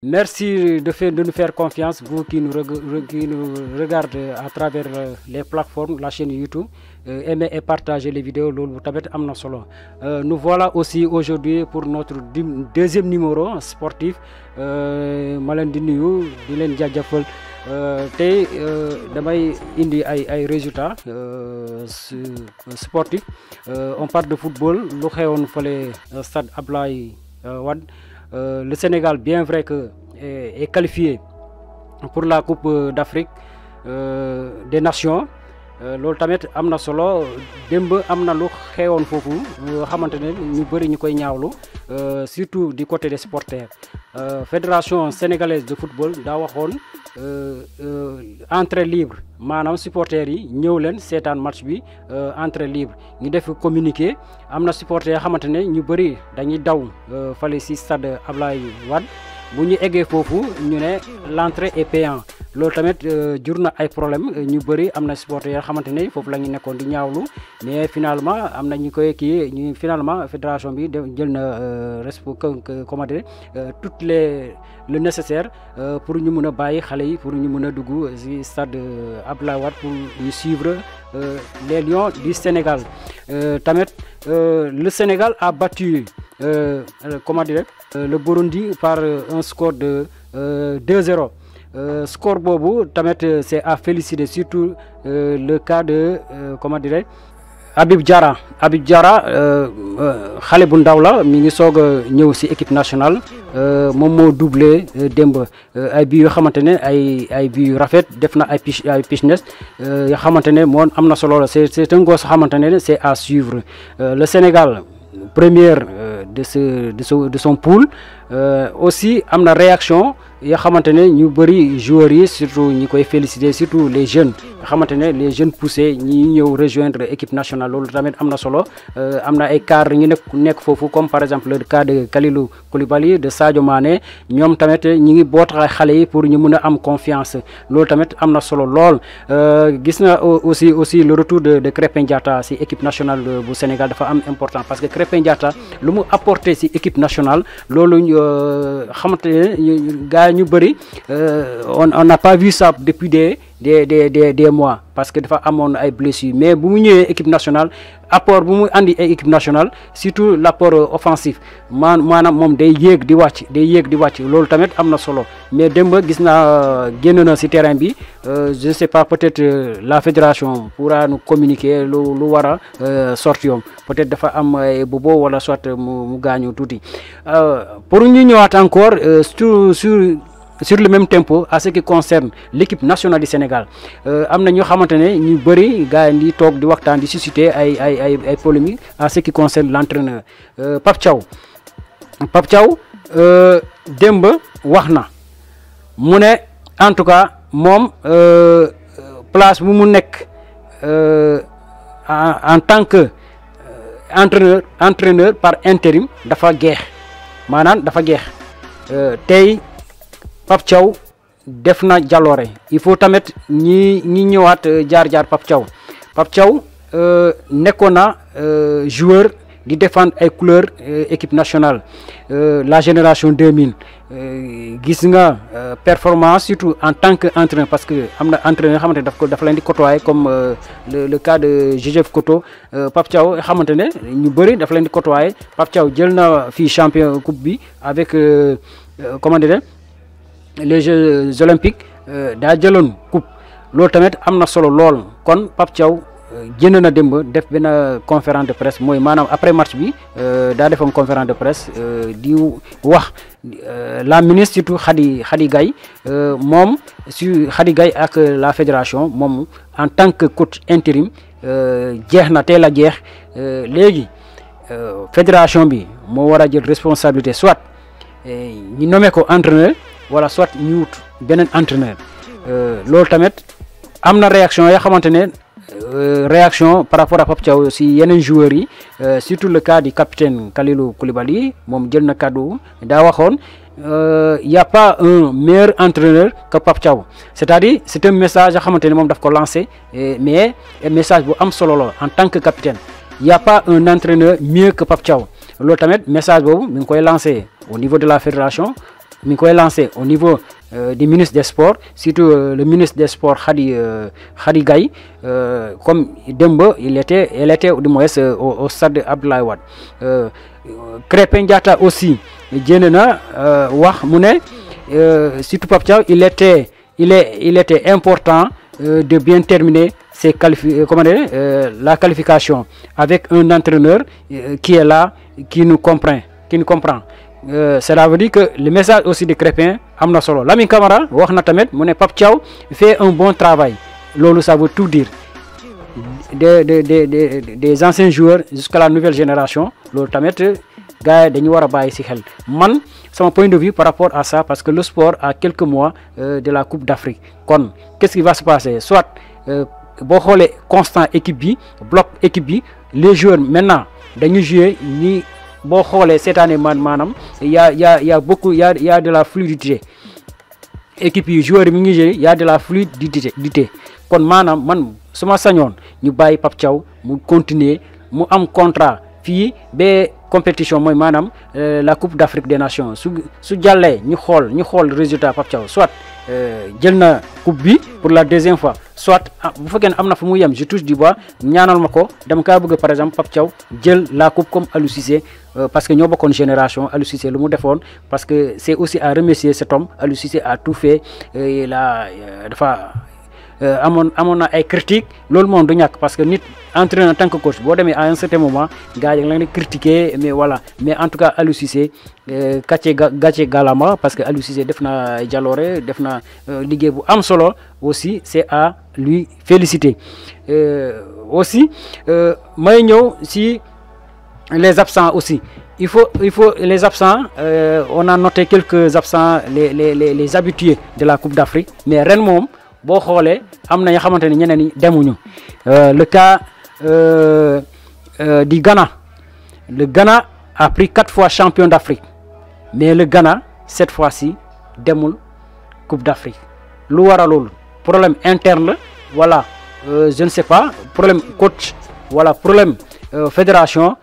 Merci de, nous faire confiance, vous qui nous, regardez à travers euh, les plateformes, la chaîne YouTube. Euh, aimez et partagez les vidéos. Euh, nous voilà aussi aujourd'hui pour notre deuxième numéro sportif. on parle de football on fait le stade ablay. Euh, le Sénégal, bien vrai que est, qualifié pour la Coupe d'Afrique euh, des Nations, euh, loolu tamit am na solo démb am na lu xewoon foofu euh, xamantene ñu bëri ñu koy ñaawlu euh, surtout du côté des supporters fédération sénégalaise de football daa waxoon entrée libre maanaam supporters yi ñëw leen seetaan match bi entrée libre ñu def communiqué am na supporters xamante ne ñu bëri dañuy daw fale si stade Ablaye wad bu ñu eggee foofu ñu ne l'entrée est payante lolu tamit euh, jurna ay problème euh, ñu bëri amna supporter supporters yoo xamante ne foofu di ñaawlu mais finalement amna na ñu koy kii ñu finalement fédération bi def jël na euh, comment dire toutes les le nécessaire pour ñu mëna a xalé yi pour ñu mëna a dugg si stade Abdoulaye Wade pour ñu suivre les lions du Sénégal tamit le Sénégal a battu comment dire le Burundi par un score de 2-0. Euh, score bobu tamet euh, c'est à féliciter surtout euh, le cas de comment dirais Habib Diarra Habib Diarra xale bu ndaw la mi ngi soog ñëw équipe nationale mom mo doublé demb. ay bi yoo xamante ay ay bi yu rafet def na ay piche ay pichenes yoo xamante ne solo la c'est un gosse xamante c'est à suivre le Sénégal première de ce de son de son aussi amna na réaction yoo xamante ne ñu bëri joueurs surtout ñi koy féliciter surtout les jeunes nga les jeunes poussés ñi ñëw rejoindre équipe nationale loolu tamit am na solo euh, am na ay cadres ñu nekk nekk foofu comme par exemple le cas de kalilu Koulibaly de Sadio Mané ñoom tamit ñi ngi bootaay xale yi pour ñu mën am confiance loolu tamit am na solo lool euh, gis na aussi aussi le retour de de Krépin Diatta si équipe nationale du Sénégal dafa am important parce que Krépin Diatta lu mu apporté si équipe nationale loolu euh, xamante ne euh, Newbury, on n'a pas vu ça depuis des des des des mois parce que dafa amoon ay blessures mais bu mu ñëwé équipe nationale apport bu mu andi équipe nationale surtout l'apport offensif man manam mom day yegg di wacc day yegg di wacc lolu tamit amna solo mais demba gis na euh, génn na ci terrain bi euh, je ne sais pas peut être euh, la fédération pourra nous communiquer lu lu wara peut être dafa am ay bobo wala soit mu mu touti euh, pour ñu ñëwaat encore sur sur le même tempo à ce qui concerne l'équipe nationale du Sénégal Nous avons dit que nous ñu bëri gars yi di toog di susciter polémique à ce qui concerne l'entraîneur euh, Pap Thiaw Pap Thiaw euh, Dembe, wax mu ne en tout cas moom euh, place bu mu nekk en tant que entraîneur entraîneur par intérim dafa geex maanaam dafa euh tay Pape Thiaw def na il faut tamit ñi ñi ñëwaat euh, jaar-jaar Pape Thiaw Pape Thiaw euh, nekkoon euh, joueur di défendre ay couleur équipe nationale la génération 2000 gis nga performance surtout en tant qu'entraîneur parce que amna entraîneur xamanté daf ko dafa di côtoyer comme le cas de Joseph Koto Pape Thiaw xamante ne ñu bëri dafa leen di côtoyer Pape Thiaw jël champion coupe bi avec comment dirais les Jeux olympiques euh, da jëloon coupe lo tamit amna solo lool kon pap Thiaw euh, génn na démb def benn conférence de presse moy manam après match bi euh, daa une conférence de presse di wax la ministre surtout Khady Khady Gaye su Gaye ak la fédération mom en tant que coach intérim jeex na la a jeex fédération bi mo wara jël responsabilité soit ñu nommé ko entraîneur voilà soit nous bien un entraîneur euh, L'autre met, am na réaction y'a xamante euh, réaction par rapport à Pape Il si a joueurs yi euh, surtout le cas du capitaine Kalilou Koulibaly qui jël na il y' a pas un meilleur entraîneur que Pape c'est à dire c'est un message à xamante lancé mais message bu am solo en tant que capitaine il n'y a pas un entraîneur mieux que Pape L'autre loolu message que mi avons lancé au niveau de la fédération mi koy lancé au niveau euh, du ministre des sports surtout euh, le ministre des sports Khadi euh, Khady Gaye comme demba il était il était du moins au stade Abdoulaye Wade Crépin Diata aussi jéem euh, wax mu ne surtout Pape il était il est il était important de bien terminer ses qualifi comment dire la qualification avec un entraîneur qui est là qui nous comprend qui nous comprend. Euh, cela veut dire que le message aussi de Crépin amna solo lami Camara fait un bon travail lolu ça veut tout dire des des des des anciens joueurs jusqu'à la nouvelle génération lolu tamet euh, gars dañu wara baye ci man point de vue par rapport à ça parce que le sport a quelques mois euh, de la Coupe d'Afrique kon qu'est-ce qui va se passer soit le constant équipe bi bloc équipe bi les joueurs maintenant dañu jouer ni bon xoolee cette année man a il y a beaucoup il y a de la fluidité équipe joueur mi yi il y a de la fluidité kon manam man su ma ñu bàyyi Pape mu continuer mu am contrat fi be compétition mooy euh, la coupe d'Afrique des nations su su jàllee ñu xol ñu xol résultat Pape soit. Euh, jël na coupe bi pour la deuxième fois soit ah, bu fekkee am na je touche du bois ñaanal ma ko dama kaa bëgg par exemple Pape Thiaw jël la coupe comme Aliou Cissé euh, parce que ñoo bokkoon génération Aliou Cissé lu mu defoon parce que c'est aussi à remercier cet homme Aliou Cissé a tout fait euh, et la dafa à euh, mon ay critique lolou mom du ñak parce que nit entraîneur en tant que coach bo demee à un certain moment gars la critiquer mais voilà mais en tout cas Alou Cissé euh, gàcce Gatché galama parce que Alou Cissé defna na defna euh, ligue bu am solo aussi c'est à lui féliciter aussi may ñew si les absents aussi il faut, il faut les absents. Euh, on a noté quelques absents, les, les, les, habitués de la Coupe d'Afrique. Mais mom euh, le cas euh, euh, du Ghana le Ghana a pris quatre fois champion d'Afrique mais le Ghana cette fois-ci la Coupe d'Afrique lu problème interne voilà je ne sais pas problème coach voilà problème fédération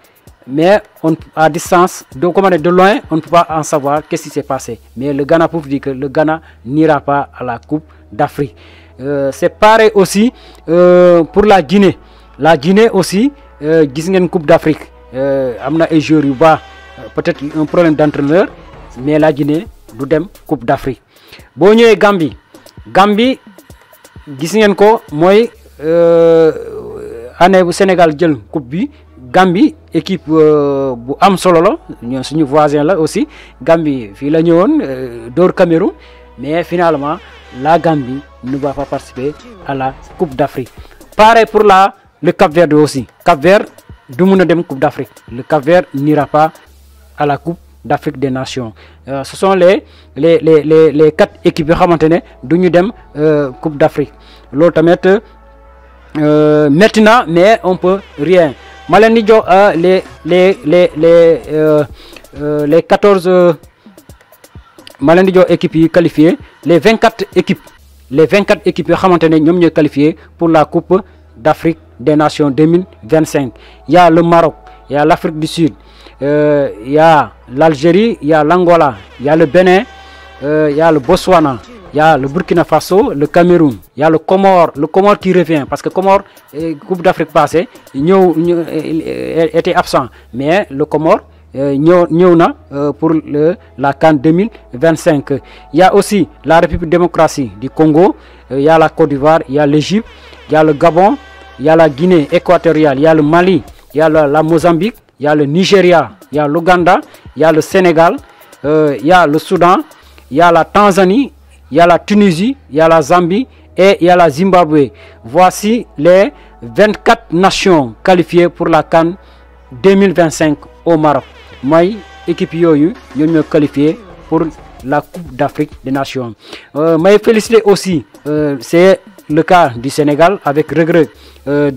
mais on, à distance, de de loin, on ne peut pas en savoir qu'est-ce qui s'est passé. Mais le Ghana pour dire que le Ghana n'ira pas à la Coupe d'Afrique. Euh, c'est pareil aussi euh, pour la Guinée. La Guinée aussi, euh, gis une Coupe d'Afrique euh, Amna na peut-être un problème d'entraîneur mais la Guinée du dem Coupe d'Afrique boo et Gambie Gambie gis moi, ko mooy année bu Sénégal jël coupe Gambie équipe bu am Sololo, nous sommes suñu voisin aussi Gambie fii la Cameroun. Mais finalement, la Gambie ne va pas participer à la Coupe d'Afrique. Pareil pour la, le Cap Verde aussi. Cap Verde, Coupe d'Afrique. Le Cap Vert n'ira pas à la Coupe d'Afrique des Nations. ce sont les, les, les, les, quatre équipes qui dem la Coupe d'Afrique. L'autre euh, maintenant, mais on peut rien. Malen les, les, les, les, les 14 malen équipe qualifiée, les 24 équipes les 24 équipes pour la coupe d'Afrique des Nations 2025. Il y' a le Maroc il y' a l'Afrique du Sud il euh, y' a l'Algérie, il y' a l'Angola, il y' a le Bénin il euh, y' a le Botswana. Il y a le Burkina Faso, le Cameroun, il y a le Comore, le Comore qui revient parce que Comore, Coupe d'Afrique passée, il était absent. Mais le Comore, pour le, la CAN 2025. Il y a aussi la République démocratique du Congo, il y a la Côte d'Ivoire, il y a l'Égypte, il y a le Gabon, il y a la Guinée équatoriale, il y a le Mali, il y a la, Mozambique, il y a le Nigeria, il y a l'Ouganda, il y a le Sénégal, il y a le Soudan, il y a la Tanzanie, il y a la Tunisie, il y a la Zambie et il y a la Zimbabwe. Voici les 24 nations qualifiées pour la Cannes 2025 au Maroc. Mais équipe yooyu me ñoo qualifié pour la Coupe d'Afrique des Nations. Euh, mais aussi, euh, c'est le cas du Sénégal avec regret euh,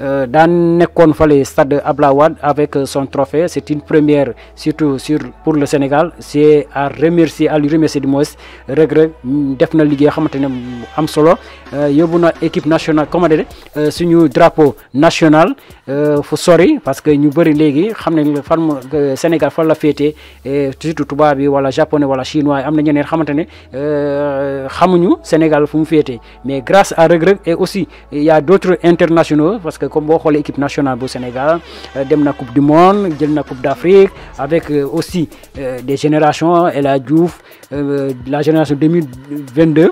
euh dans nekkoon fale stade Ablawad avec son trophée c'est une première surtout sur pour le Sénégal c'est à remercier à lui remercier du moins Regret, mm, Defna Ligue, na liggéey xamante ne am solo euh, yóbbu équipe nationale commandé euh, suñu drapeau national faut sorry parce que nous bëri léegi xam le fan Sénégal fan la tout surtout tout bi wala japonais wala chinois am na ñeneen xamante xamuñu Sénégal fu mu mais grâce à regret et aussi il y a d'autres internationaux parce que comme on voyez, l'équipe nationale du Sénégal la euh, la coupe du monde la coupe d'Afrique avec euh, aussi euh, des générations et la génération 2022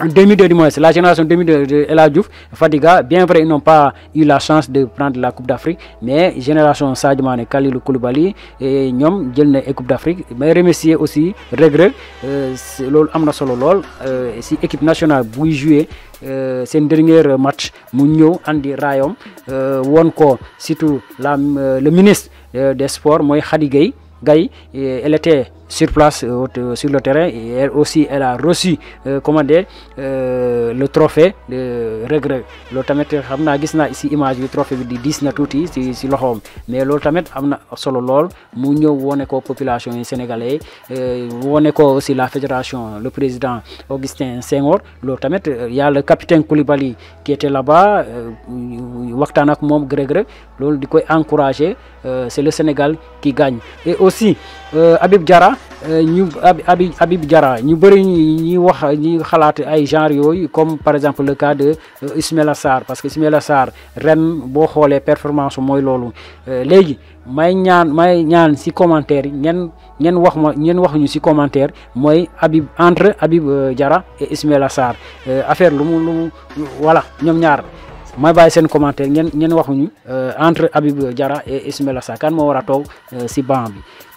en 2002 du la génération 2002 de Ella Diouf, Fadiga, bien vrai, ils n'ont pas eu la chance de prendre la Coupe d'Afrique, mais génération Sadio Mané, Khalilou Koulibaly et ñom jël na Coupe d'Afrique, mais remercier aussi Regreg euh lolu solo euh équipe nationale buy jouer euh, seen dernier match mu Andy andi raayom euh, surtout la euh, le ministre euh, des sports Moué Khady Gay et elle était sur place euh, euh, sur le terrain et elle aussi elle a reçu euh, commandé euh, le trophée de regret lo tamet amna gisna gis image du trophée de di diis na touti mais loolu tamet amna solo lool mu ñew woné ko population sénégalais euh, woné ko aussi la fédération le président Augustin Senghor loolu il euh, y a le capitaine Koulibaly qui était là-bas waxtaan ak mom gré gré di koy encourager euh, c'est le Sénégal qui gagne et aussi euh, Habib Abib euh, ñu Habib Habib Diarra ñu genre comme par exemple le cas de Ismaïla parce que Assar, Sarr ren performance mooy loolu léegi may ñaan may ñaan entre Abib Jara et Ismail Assar. affaire lu mu je vais vous commentaire euh, entre Abib Diarra et Ismaël Assa. Je vous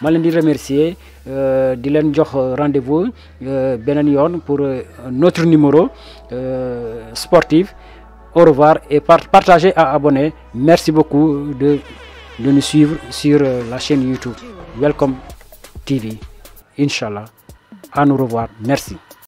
remercie. Je vous rendez-vous euh, pour euh, notre numéro sportif au revoir et partagez à abonner merci beaucoup de de nous suivre sur la chaîne YouTube Welcome TV inch'Allah à nous revoir merci